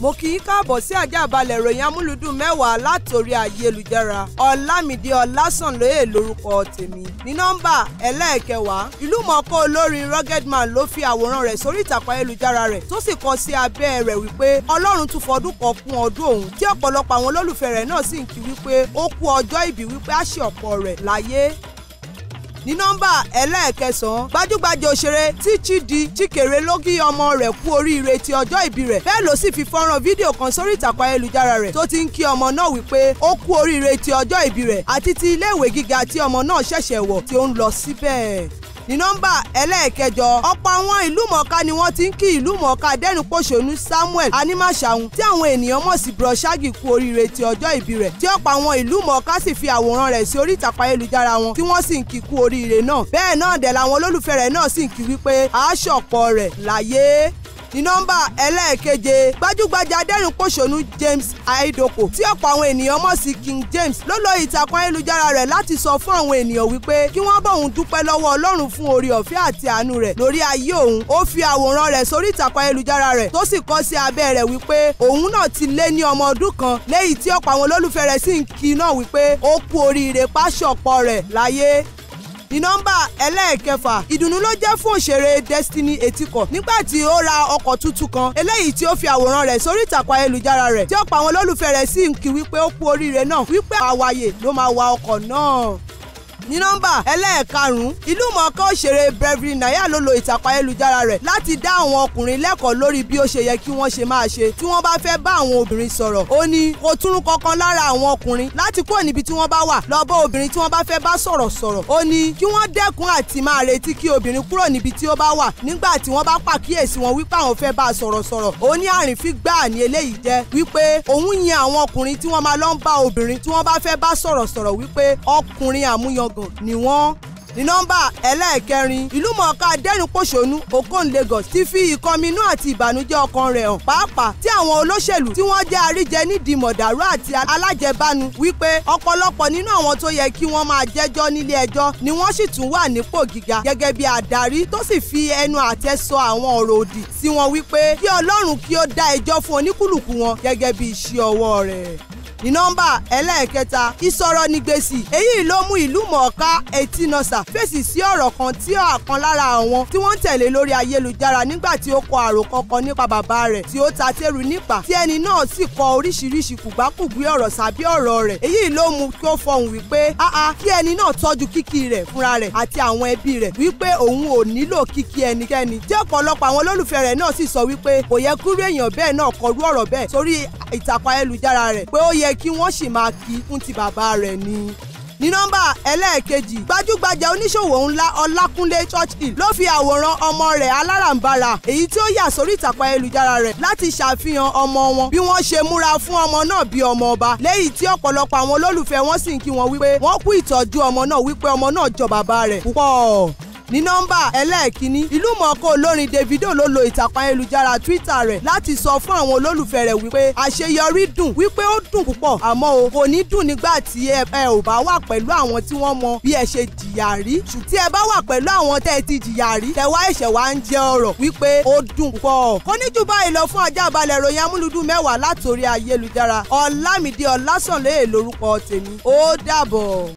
mo kì í káàbọ̀ sí àjàbalẹ̀ ìròyìn amúlùdùn mẹ́wàá látòrí ayélujára ọ̀làmìdí ọ̀làsànlóye lórúkọ tèmi ní nọ́mbà ẹlẹ́ẹ̀kẹwàá ìlúmọ̀ọ́ká olórin ruggedman ló fi àwòrán rẹ̀ sórí ìtàkùn ayélujára rẹ̀ tó sì kọ sí abẹ́ rẹ̀ wípé ọlọ́run tún fọdún kan kún ọdún òun tí ọ̀pọ̀lọpọ̀ àwọn olólùfẹ́ rẹ̀ náà sì ń kí wípé ó kú ọjọ́ ìbí wípé á ṣe ọ̀pọ̀ rẹ̀ láyé ní nọ́mbà ẹlẹ́ẹ̀kẹsàn-án gbajúgbajà òṣèré tí Chidi Chikere ló kí ọmọ rẹ̀ kú oríire ti ọjọ́ ìbí rẹ̀ bẹ́ẹ̀ ló sì fi fọ́nrán fídíò kan sórí ìtàkùn ayélujára rẹ̀ tó ti ń kí ọmọ náà wípé ó kú oríire ti ọjọ́ ìbí rẹ̀ àti ti iléèwé gíga tí ọmọ náà ṣẹ̀ṣẹ̀ wọ̀ tí ó ń lọ síbẹ̀ ní nọ́mbà ẹlẹ́ẹ̀kẹjọ ọ̀pọ̀ àwọn ìlú mọ̀ọ́ká ni wọ́n ti ń kí ìlú mọ̀ọ́ká dẹ́nu Samuel Animasahun tí àwọn ènìyàn mọ̀ sí Bro Shaggy kú oríire ti ọjọ́ ìbí rẹ̀ tí ọ̀pọ̀ àwọn ìlú mọ̀ọ́ká sì fi àwòrán rẹ̀ sí orí ìtàkùn ayélujára wọn tí wọ́n sì ń kí kú oríire náà bẹ́ẹ̀ náà dẹ̀ làwọn olólùfẹ́ rẹ̀ náà sì ń kí wípé àṣọ̀pọ̀ rẹ̀ láyé ní nọ́mbà ẹlẹ́ẹ̀keje gbajúgbajà adẹ́rìn-pòṣónú James Aidoko tí ọ̀pọ̀ àwọn ènìyàn mọ̀ sí King James ló lo ìtàkùn ayélujára rẹ̀ láti sọ fún àwọn ènìyàn wípé kí wọ́n bá òun dúpẹ́ lọ́wọ́ Ọlọ́run fún oore ọ̀fẹ́ àti àánú rẹ̀ lórí ayé òun ó fi àwòrán rẹ̀ sórí ìtàkùn ayélujára rẹ̀ tó sì kọ sí abẹ́ rẹ̀ wípé òun náà ti lé ní ọmọ ọdún kan léyìí tí ọ̀pọ̀ àwọn olólùfẹ́ rẹ̀ sì ń kí náà wípé ó kú oríire páṣọpọ̀ rẹ̀ láyé ní nọ́mbà ẹlẹ́ẹ̀kẹfà ìdùnnú ló jẹ́ fún òṣèré Destiny Etiko nígbà tí ó ra ọkọ̀ tuntun kan eléyìí tí ó fi àwòrán rẹ̀ sórí ìtàkùn ayélujára rẹ̀ tí ọ̀pọ̀ àwọn olólùfẹ́ rẹ̀ sì ń kí wípé ó kú oríire náà wípé àwàyè ló máa wa ọkọ̀ náà ní nọ́mbà ẹlẹ́ẹ̀karùn-ún ìlú mọ̀ọ́ká òṣèré Bravery Naya ló lo ìtàkùn ayélujára rẹ̀ láti dá àwọn ọkùnrin lẹ́kọ̀ọ́ lórí bí ó ṣe yẹ kí wọ́n ṣe máa ṣe tí wọ́n bá fẹ́ bá àwọn obìnrin sọ̀rọ̀ ó ní kò túrú kankan lára àwọn ọkùnrin láti kúrò níbi tí wọ́n bá wà lọ bá obìnrin tí wọ́n bá fẹ́ bá sọ̀rọ̀ sọ̀rọ̀ ó ní kí wọ́n dẹ́kun àti máa retí kí obìnrin kúrò níbi tí ó bá wà nígbà tí wọ́n bá pàkíyèsí wọn wípé àwọn fẹ́ bá a sọ̀rọ̀ sọ̀rọ̀ ó ní àrìnfín gbáà ní eléyìí jẹ́ wípé òun yan àwọn ọkùnrin tí wọ́n máa lọ ń bá obìnrin tí wọ́n bá fẹ́ bá sọ̀rọ̀ sọ̀rọ̀ wípé ọkùnrin àmúyan ọgbọ̀n ni wọ́n ní nọ́mbà ẹlẹ́ẹ̀kẹrin ìlúmọ̀ọ́ká dẹ́rùnpọ̀ṣónú Okon Lagos ti fi ìkọminú àti ìbànújẹ́ ọkàn rẹ̀ hàn pàápàá tí àwọn olóṣèlú tí wọ́n jẹ́ àríjẹ nídìí mọ̀dàrú àti alájẹbánu wípé ọ̀pọ̀lọpọ̀ nínú àwọn tó yẹ kí wọ́n máa jẹ́jọ́ nílé ẹjọ́ ni wọ́n sì tún wà nípò gíga gẹ́gẹ́ bí adarí tó sì fi ẹnu àtẹ́ sọ àwọn ọ̀rọ̀ òdì sí wọn wípé kí Ọlọ́run kí ó dá ẹjọ́ fún oníkùlùkù wọn gẹ́gẹ́ bí iṣẹ́ ọwọ́ rẹ̀ ní nọ́mbà ẹlẹ́ẹ̀kẹta ìsọ̀rọ̀ nígbèsì èyí ló mú ìlú mọ̀ọ́ká etí nọ́sà fèsì sí ọ̀rọ̀ kan tí ọ̀kan lára àwọn tí wọ́n ń tẹ̀lé lórí ayélujára nígbà tí ó kọ àròkọ kan nípa bàbá rẹ̀ tí ó ta tẹ́rù nípa tí ẹni náà sì kọ oríṣiríṣi kùgbákùgbé ọ̀rọ̀ sábí ọ̀rọ̀ rẹ̀ èyí ló mú kí ó fọhùn wípé áá kí ẹni náà tọ́jú kíkí rẹ̀ fúnra rẹ̀ àti àwọn ẹbí rẹ̀ wípé òun ò nílò kíkí ẹnikẹ́ni tí ọ̀pọ̀lọpọ̀ àwọn olólùfẹ́ rẹ̀ náà sì yẹ kí wọ́n sì máa kí fún ti bàbá rẹ̀ ni ní nọ́mbà ẹlẹ́ẹ̀kejì gbajúgbajà oníṣòwò ńlá ọlákúnlé churchill ló fi àwòrán ọmọ rẹ̀ aláràǹbarà èyí tí ó yà sórí ìtàkùn ayélujára rẹ̀ láti ṣàfihàn ọmọ wọn bí wọ́n ṣe múra fún ọmọ náà bí ọmọ ọba lẹ́yìn tí ọ̀pọ̀lọpọ̀ àwọn olólùfẹ́ wọn sì ń kí wọn wípé wọ́n kú ìtọ́jú ọmọ náà wípé ọmọ náà jọ bàbá rẹ̀ púpọ̀ ní nọ́mbà ẹlẹ́ẹ̀kínní ìlú mọ̀ọ́ká olórin Davido ló lo ìtàkùn ayélujára Twitter rẹ̀ láti sọ fún àwọn olólùfẹ́ rẹ̀ wípé àṣeyọrí dùn wípé ó dùn púpọ̀ àmọ́ o kò ní dùn nígbà tí ẹ ò bá wà pẹ̀lú àwọn tí wọ́n mọ bí ẹ ṣe jìyà rí ṣùgbọ́n tí ẹ bá wà pẹ̀lú àwọn tẹ́ ẹ ti jìyà rí tẹ wá ẹ̀ṣẹ̀ wá ń jẹ ọ̀rọ̀ wípé ó dùn pọ̀ kò ní jù báyìí lọ fún ajá balẹ̀ ìròyìn amúlùdùn mẹ́wàá látòrí ayélujára